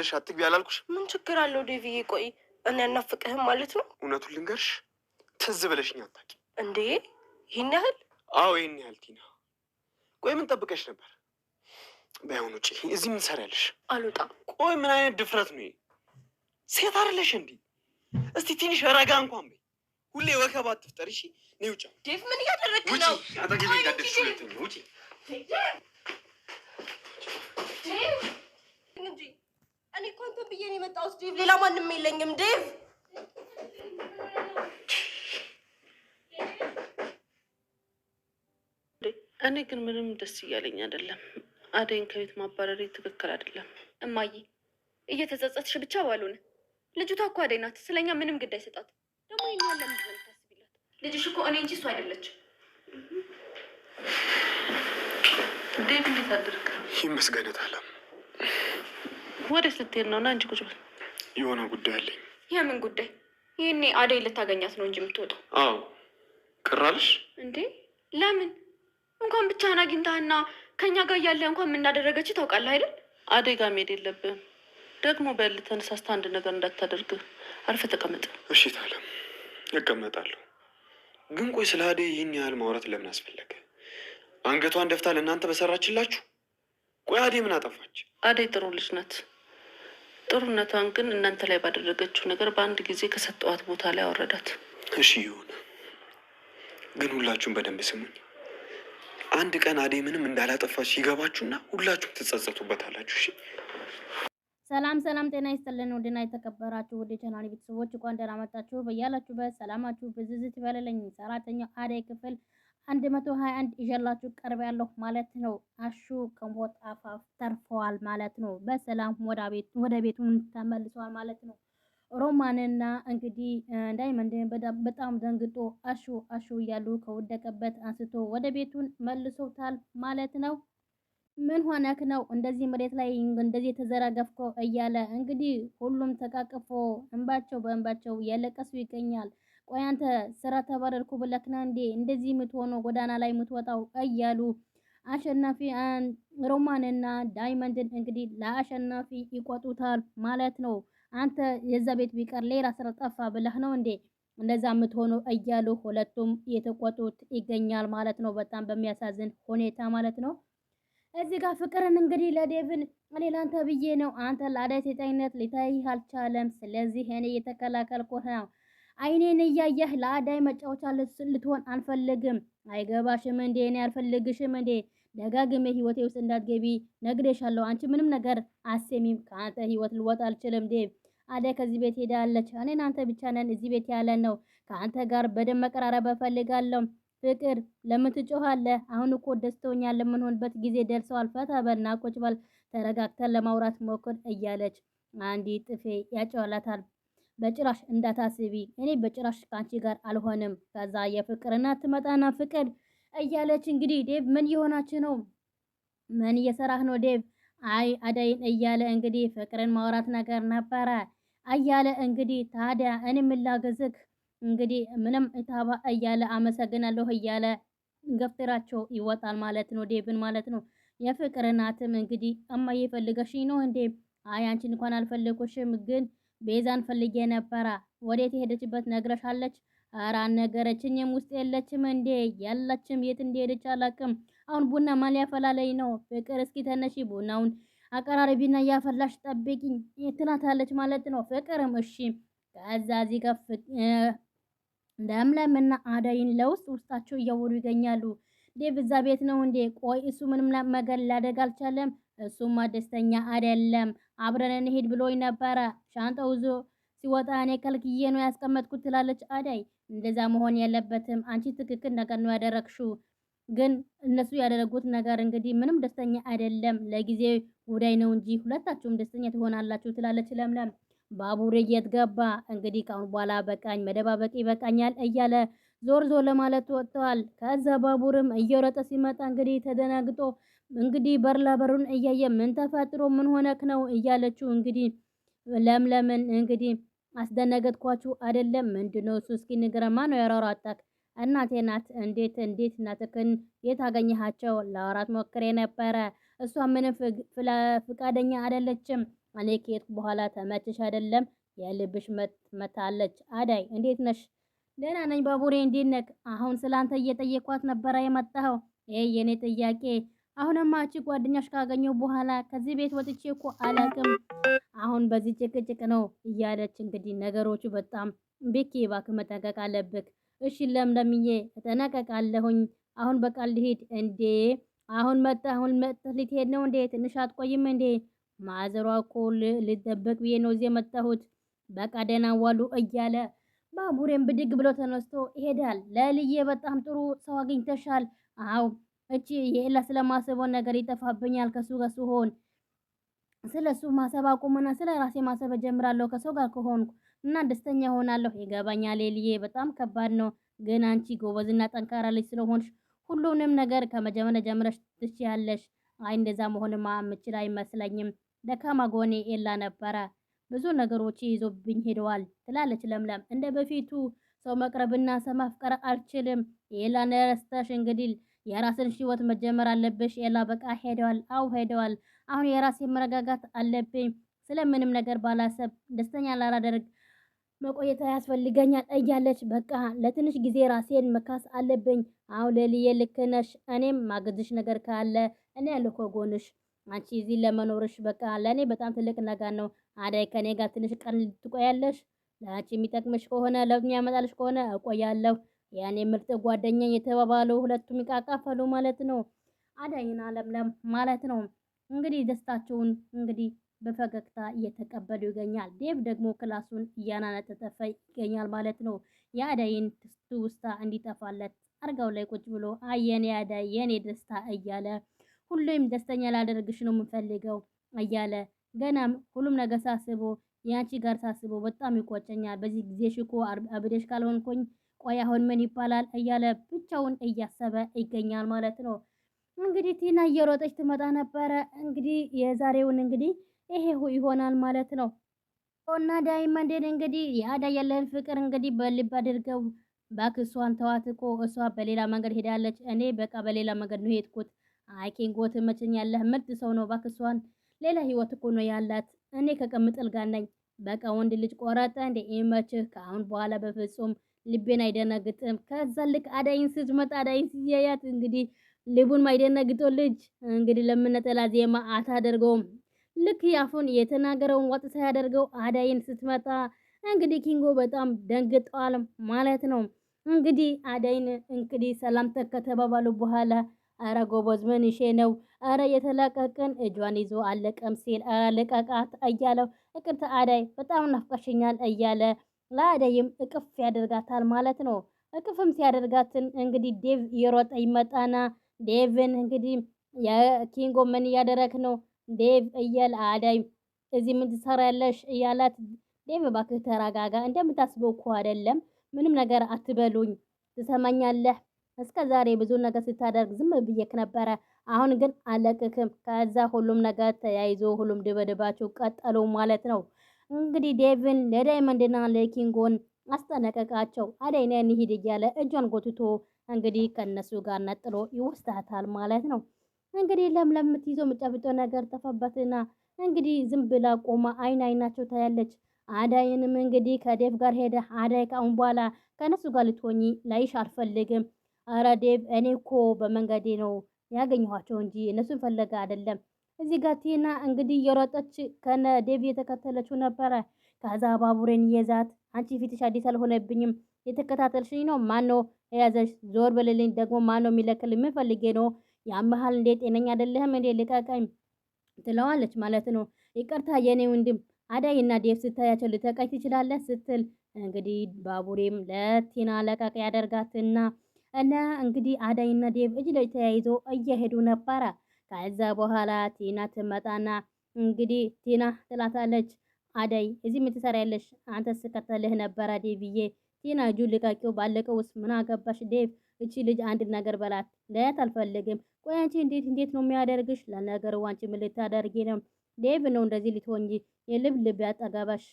ብለሽ አትግቢ አላልኩሽ? ምን ችግር አለው ዴቪዬ? ቆይ እኔ ያናፍቅህም ማለት ነው? እውነቱን ልንገርሽ ትዝ ብለሽኝ አታውቂም። እንዴ ይህን ያህል? አዎ ይህን ያህል ቲና። ቆይ ምን ጠብቀሽ ነበር? በያሁኑ ውጭ እዚህ ምን ትሰሪያለሽ? አልወጣም። ቆይ ምን አይነት ድፍረት ነው? ሴት አይደለሽ እንዴ? እስቲ ትንሽ ረጋ እንኳን በይ። ሁሌ ወከባ አትፍጠሪ እሺ። እኔ ውጭ ዴቭ፣ ምን እያደረግ ነው? አጠገቤ ጋደሽ ውጭ እኔ እኮ አንተን ብዬ ነው የመጣሁት ዴቭ፣ ሌላ ማንም የለኝም ዴቭ። እኔ ግን ምንም ደስ እያለኝ አይደለም። አደይን ከቤት ማባረሪ ትክክል አይደለም። እማዬ እየተጸጸትሽ ብቻ ባልሆነ ልጅቷ እኮ አደይ ናት። ስለኛ ምንም ግድ አይሰጣት። ደግሞ ይኛ ለምንድን ታስቢላት? ልጅሽ እኮ እኔ እንጂ እሱ አይደለች። ዴቭ እንዴት አድርግ ይመስገነት አለም ወዴት ልትሄድ ነው? እና አንቺ ቁጭ በል። የሆነ ጉዳይ አለኝ። የምን ጉዳይ? ይህኔ አደይ ልታገኛት ነው እንጂ የምትወጣው። አዎ ቅራልሽ እንዴ? ለምን እንኳን ብቻህን አግኝታህና ከእኛ ጋር እያለ እንኳን የምናደረገች ታውቃለህ አይደል? አደይ ጋር መሄድ የለብህም ደግሞ በል ተነሳስታ አንድ ነገር እንዳታደርግ አርፈ ተቀመጥ። እሺ ታለም እቀመጣለሁ። ግን ቆይ ስለ አደይ ይህን ያህል ማውራት ለምን አስፈለገ? አንገቷን ደፍታ ለእናንተ በሰራችላችሁ። ቆይ አደይ ምን አጠፋች? አደይ ጥሩ ልጅ ናት። ጥሩነቷን ግን እናንተ ላይ ባደረገችው ነገር በአንድ ጊዜ ከሰጠዋት ቦታ ላይ አወረዳት። እሺ ይሁን፣ ግን ሁላችሁም በደንብ ስሙኝ። አንድ ቀን አዴ ምንም እንዳላጠፋች ይገባችሁና ሁላችሁም ትጸጸቱበታላችሁ። እሺ። ሰላም ሰላም፣ ጤና ይስጥልን ውድና የተከበራችሁ ውድ ቻናል ቤተሰቦች እንኳን ደህና መጣችሁ። በያላችሁበት ሰላማችሁ ብዝዝት ይበልልኝ። ሰራተኛው አዴ ክፍል አንድ መቶ ሀያ አንድ ይዤላችሁ ቀርብ ያለሁ ማለት ነው። አሹ ከሞት አፋፍ ተርፈዋል ማለት ነው። በሰላም ወደ ቤቱን ተመልሰዋል ማለት ነው። ሮማንና እንግዲህ ዳይመንድ በጣም ደንግጦ አሹ አሹ እያሉ ከወደቀበት አንስቶ ወደ ቤቱን መልሶታል ማለት ነው። ምን ሆነክ ነው እንደዚህ መሬት ላይ እንደዚህ የተዘረገፍከው? እያለ እንግዲህ ሁሉም ተቃቅፎ እንባቸው በእንባቸው እያለቀሱ ይገኛል። ቆይ አንተ ስራ ተባረርኩ ብለክና እንዴ እንደዚህ የምትሆነው ጎዳና ላይ የምትወጣው እያሉ አሸናፊ ሮማንና ዳይመንድን እንግዲህ ለአሸናፊ ይቆጡታል ማለት ነው። አንተ የዛ ቤት ቢቀር ሌላ ስራ ጠፋ ብለህ ነው እንዴ እንደዛ የምትሆነው እያሉ ሁለቱም የተቆጡት ይገኛል ማለት ነው። በጣም በሚያሳዝን ሁኔታ ማለት ነው። እዚህ ጋር ፍቅርን እንግዲህ ለዴቭን እኔ ላንተ ብዬ ነው አንተ ለአዳይ ሴጠኝነት ሊታይ አልቻለም። ስለዚህ እኔ እየተከላከልኩህ ነው አይኔን እያየህ ለአዳይ መጫወቻ ልትሆን አልፈልግም። አይገባሽም እንዴ? እኔ አልፈልግሽም እንዴ? ደጋግሜ ህይወቴ ውስጥ እንዳትገቢ ነግሬሻለሁ። አንቺ ምንም ነገር አሴሚም። ከአንተ ህይወት ልወጥ አልችልም ዴቭ። አዳይ ከዚህ ቤት ሄዳለች። እኔ አንተ ብቻ ነን እዚህ ቤት ያለን ነው። ከአንተ ጋር በደንብ መቀራረብ እፈልጋለሁ። ፍቅር ለምን ትጮኻለህ? አሁን እኮ ደስተኛ ለምንሆንበት ጊዜ ደርሰዋል። ፈታ በልና ቁጭ በል፣ ተረጋግተን ለማውራት ሞክር እያለች አንዲት ጥፌ ያጨዋላታል። በጭራሽ እንዳታስቢ፣ እኔ በጭራሽ ከአንቺ ጋር አልሆንም። ከዛ የፍቅርና ትመጣና ፍቅር እያለች እንግዲህ ዴቭ ምን የሆናች ነው? ምን እየሰራህ ነው ዴቭ? አይ አደይን እያለ እንግዲህ ፍቅርን ማውራት ነገር ነበረ እያለ እንግዲህ ታዲያ እኔ ምን ላግዝህ እንግዲህ ምንም እታባ እያለ አመሰግናለሁ እያለ ገፍትራቸው ይወጣል ማለት ነው፣ ዴቭን ማለት ነው። የፍቅር እናትም እንግዲህ እማዬ ፈልገሽኝ ነው እንዴ? አይ አንቺን እንኳን አልፈለኩሽም ግን ቤዛን ፈልጌ ነበረ ወዴት የሄደችበት ነግረሻለች? ኧረ አልነገረችኝም። ውስጥ የለችም እንዴ? ያላችም የት እንደሄደች አላቅም። አሁን ቡና ማን ሊያፈላለኝ ነው? ፍቅር እስኪ ተነሺ ቡናውን አቀራረቢና ያፈላሽ ጠብቂኝ ትላታለች ማለት ነው። ፍቅርም እሺ። ከዛ እዚህ ጋር አዳይን ለውስጥ ውስጣቸው እያወሩ ይገኛሉ። ዴቭ እዛ ቤት ነው እንዴ? ቆይ እሱ ምንም መገል ላደግ አልቻለም። እሱማ ደስተኛ አይደለም። አብረን እንሂድ ብሎኝ ነበረ። ሻንጣው ይዞ ሲወጣ እኔ ከልክዬ ነው ያስቀመጥኩት ትላለች አዳይ። እንደዛ መሆን የለበትም አንቺ ትክክል ነገር ነው ያደረግሽው። ግን እነሱ ያደረጉት ነገር እንግዲህ ምንም ደስተኛ አይደለም። ለጊዜ ጉዳይ ነው እንጂ ሁለታችሁም ደስተኛ ትሆናላችሁ ትላለች ለምለም። ባቡሬ የት ገባ እንግዲህ ከአሁን በኋላ በቃኝ መደባበቅ ይበቃኛል እያለ ዞር ዞር ለማለት ወጥተዋል። ከዛ ባቡርም እየወረጠ ሲመጣ እንግዲህ ተደናግጦ እንግዲህ በር ለበሩን እያየ ምን ተፈጥሮ ምን ሆነክ ነው እያለችው እንግዲህ ለምለምን እንግዲህ አስደነገጥኳችሁ አይደለም ምንድነው እሱ እስኪ ንገረማ ነው ያሯሯጣክ እናቴ ናት እንዴት እንዴት እናትክን የት አገኘሃቸው ለአውራት ሞክሬ ነበረ እሷ ምንም ፍቃደኛ አይደለችም እኔ ከሄድኩ በኋላ ተመችሽ አይደለም የልብሽ መታለች አዳይ እንዴት ነሽ ደህና ነኝ ባቡሬ እንዴት ነክ አሁን ስላንተ እየጠየኳት ነበረ የመጣኸው ይሄ የኔ ጥያቄ አሁንማ እቺ ጓደኛሽ ካገኘው በኋላ ከዚህ ቤት ወጥቼ እኮ አላቅም፣ አሁን በዚህ ጭቅጭቅ ነው እያለች እንግዲህ ነገሮቹ በጣም ቤኬ፣ እባክህ መጠንቀቅ አለብህ። እሺ ለምለምዬ እጠነቀቃለሁኝ። አሁን በቃ ልሂድ እንዴ? አሁን መጣ አሁን መጣ ልትሄድ ነው እንዴ? ትንሽ አትቆይም እንዴ? ማዘሯ እኮ ልደበቅ ብዬ ነው እዚህ የመጣሁት። በቃ ደህና ዋሉ እያለ ባቡሬን ብድግ ብሎ ተነስቶ ይሄዳል። ለልዬ በጣም ጥሩ ሰው አግኝተሻል። አዎ እቺ የኤላ ስለማስበው ነገር ይጠፋብኛል ከሱ ጋር ስሆን ስለሱ ማሰብ አቁምና ስለ ራሴ ማሰብ ጀምራለሁ ከሰው ጋር ከሆንኩ እና ደስተኛ ሆናለሁ። ይገባኛል ሌልዬ በጣም ከባድ ነው፣ ግን አንቺ ጎበዝና ጠንካራ ልጅ ስለሆንሽ ሁሉንም ነገር ከመጀመሪያ ጀምረሽ ትችያለሽ። አይ እንደዛ መሆንማ የምችል አይመስለኝም። ደካማ ጎኔ ኤላ ነበረ፣ ብዙ ነገሮች ይዞብኝ ሄደዋል ትላለች ለምለም። እንደ በፊቱ ሰው መቅረብና ሰው ማፍቀር አልችልም። ኤላ ነረስተሽ እንግዲህ የራስን ህይወት መጀመር አለብሽ። ኤላ በቃ ሄደዋል። አው ሄደዋል። አሁን የራሴ መረጋጋት አለብኝ። ስለምንም ነገር ባላሰብ ደስተኛ ላላደርግ መቆየት ያስፈልገኛል እያለች በቃ ለትንሽ ጊዜ ራሴን መካስ አለብኝ። አሁን ሌሊዬ ልክ ነሽ። እኔም ማገዝሽ ነገር ካለ እኔ ያለኮ ከጎንሽ። አንቺ እዚህ ለመኖርሽ በቃ ለእኔ በጣም ትልቅ ነገር ነው። አዳይ ከኔ ጋር ትንሽ ቀን ልትቆያለሽ። ለአንቺ የሚጠቅምሽ ከሆነ ለውጥ ከሆነ እቆያለሁ። ያኔ ምርጥ ጓደኛ የተባባሉ ሁለቱም ይቃቃፈሉ ማለት ነው። አዳይን ለምለም ማለት ነው። እንግዲህ ደስታቸውን እንግዲህ በፈገግታ እየተቀበሉ ይገኛል። ዴቭ ደግሞ ክላሱን እያናነጠጠፈ ይገኛል ማለት ነው። የአዳይን ትውስታ እንዲጠፋለት አርጋው ላይ ቁጭ ብሎ አየኔ አዳይ የኔ ደስታ እያለ ሁሌም ደስተኛ ላደርግሽ ነው የምፈልገው እያለ ገና ሁሉም ነገር ሳስቦ የአንቺ ጋር ሳስቦ በጣም ይቆጨኛል። በዚህ ጊዜ ሽኮ አብደሽ ካልሆንኩኝ ቆይ አሁን ምን ይባላል እያለ ብቻውን እያሰበ ይገኛል ማለት ነው። እንግዲህ ቲና እየሮጠች ትመጣ ነበረ። እንግዲህ የዛሬውን እንግዲህ ይሄ ይሆናል ማለት ነው። እና ዳይመንድን እንግዲህ የአዳ ያለህን ፍቅር እንግዲህ በልብ አድርገው እባክህ እሷን ተዋት እኮ እሷ በሌላ መንገድ ሄዳለች። እኔ በቃ በሌላ መንገድ ነው ሄድኩት። አይ ኬንጎት መቼም ያለህ ምርጥ ሰው ነው። እባክህ እሷን ሌላ ህይወት እኮ ነው ያላት። እኔ ከቀምጥል ጋር ነኝ። በቃ ወንድ ልጅ ቆረጠ እንደ ኢመችህ ከአሁን በኋላ በፍጹም ልቤን አይደነግጥም። ከዛ ልክ አዳይን ስትመጣ አዳይን ሲያያት እንግዲህ ልቡን ማይደነግጠው ልጅ እንግዲህ ለምነጠላ ዜማ አታደርገውም? ልክ ያፉን የተናገረውን ወጥ ሳያደርገው አዳይን ስትመጣ እንግዲህ ኪንጎ በጣም ደንግጠዋል ማለት ነው። እንግዲህ አዳይን እንግዲህ ሰላምታ ከተባባሉ በኋላ አረ ጎበዝ ምን ይሼ ነው አረ የተላቀቅን እጇን ይዞ አለቀም ሲል አረ ልቀቃት እያለው ይቅርታ አዳይ በጣም ናፍቀሽኛል እያለ ለአደይም እቅፍ ያደርጋታል ማለት ነው። እቅፍም ሲያደርጋትን እንግዲህ ዴቭ እየሮጠ ይመጣና ዴቭን እንግዲህ የኪንጎ ምን እያደረክ ነው ዴቭ እያለ አዳይ እዚህ ምን ትሰራለሽ እያላት ዴቭ እባክህ ተረጋጋ፣ እንደምታስበው እኮ አይደለም፣ ምንም ነገር አትበሉኝ፣ ትሰማኛለህ? እስከ ዛሬ ብዙ ነገር ስታደርግ ዝም ብዬክ ነበረ። አሁን ግን አለቅክም። ከዛ ሁሉም ነገር ተያይዞ ሁሉም ድበድባችሁ ቀጠሉ ማለት ነው። እንግዲህ ዴቭን ለዳይመንድና ለኪንጎን አስጠነቀቃቸው። አደይ ነይ እንሂድ እያለ እጇን ጎትቶ እንግዲህ ከነሱ ጋር ነጥሎ ይወስዳታል ማለት ነው። እንግዲህ ለምለም የምትይዘው የምጨብጦ ነገር ጠፋባትና እንግዲህ ዝም ብላ ቆማ አይን አይናቸው ታያለች። አዳይንም እንግዲህ ከዴቭ ጋር ሄደ። አዳይ ከአሁን በኋላ ከነሱ ጋር ልትሆኚ ላይሽ አልፈልግም። አረ ዴቭ፣ እኔ እኮ በመንገዴ ነው ያገኘኋቸው እንጂ እነሱን ፈለገ አይደለም እዚህ ጋር ቲና እንግዲህ የሮጠች ከነ ዴቭ የተከተለችው ነበረ። ከዛ ባቡሬን የዛት አንቺ ፊትሽ አዲስ አልሆነብኝም፣ የተከታተልሽኝ ነው ማነው የያዘሽ? ዞር በልልኝ ደግሞ ማነው የሚለክል? ምን ነው? ያመሃል እንዴ? ጤነኛ አይደለህም እንዴ? ልቀቀኝ ትለዋለች ማለት ነው። ይቅርታ የኔ ወንድም አዳይና እና ዴቭ ስታያቸው ልተቀኝ ትችላለህ ስትል እንግዲህ ባቡሬም ለቲና ለቀቅ ያደርጋትና እና እንግዲህ አዳይና ዴቭ እጅ ለእጅ ተያይዞ እየሄዱ ነበረ። ከዛ በኋላ ቲና ትመጣና እንግዲህ ቲና ትላታለች፣ አደይ እዚህ ምን ትሰሪያለሽ? አንተ ስከተልህ ነበረ ዴቭዬ። ቲና እጁን ልቀቂው፣ ባለቀው ውስጥ ምን አገባሽ ዴቭ። እቺ ልጅ አንድ ነገር በላት ለያት አልፈልግም። ቆይ አንቺ እንዴት እንዴት ነው የሚያደርግሽ? ለነገር ዋንቺ ምን ልታደርጊ ነው? ዴቭ ነው እንደዚህ ልትሆኚ የልብ ልብ ያጠገባሽ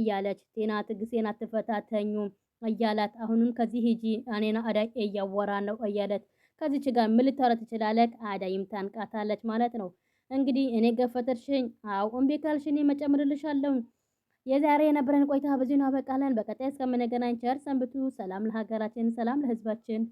እያለች ቲና ትግስቴን አትፈታተኙም እያላት አሁንም ከዚህ ሂጂ እኔና አዳይ እያወራ ነው እያለት ከዚች ጋር ምን ልታወራ ትችላለህ? አዳይም ታንቃታለች ማለት ነው። እንግዲህ እኔ ገፈተርሽኝ፣ አዎ እምቢ ካልሽ እኔ መጨምርልሻለሁ። የዛሬ የነበረን ቆይታ በዚሁ እናበቃለን። በቀጣይ እስከምንገናኝ ቸር ሰንብቱ። ሰላም ለሀገራችን፣ ሰላም ለህዝባችን።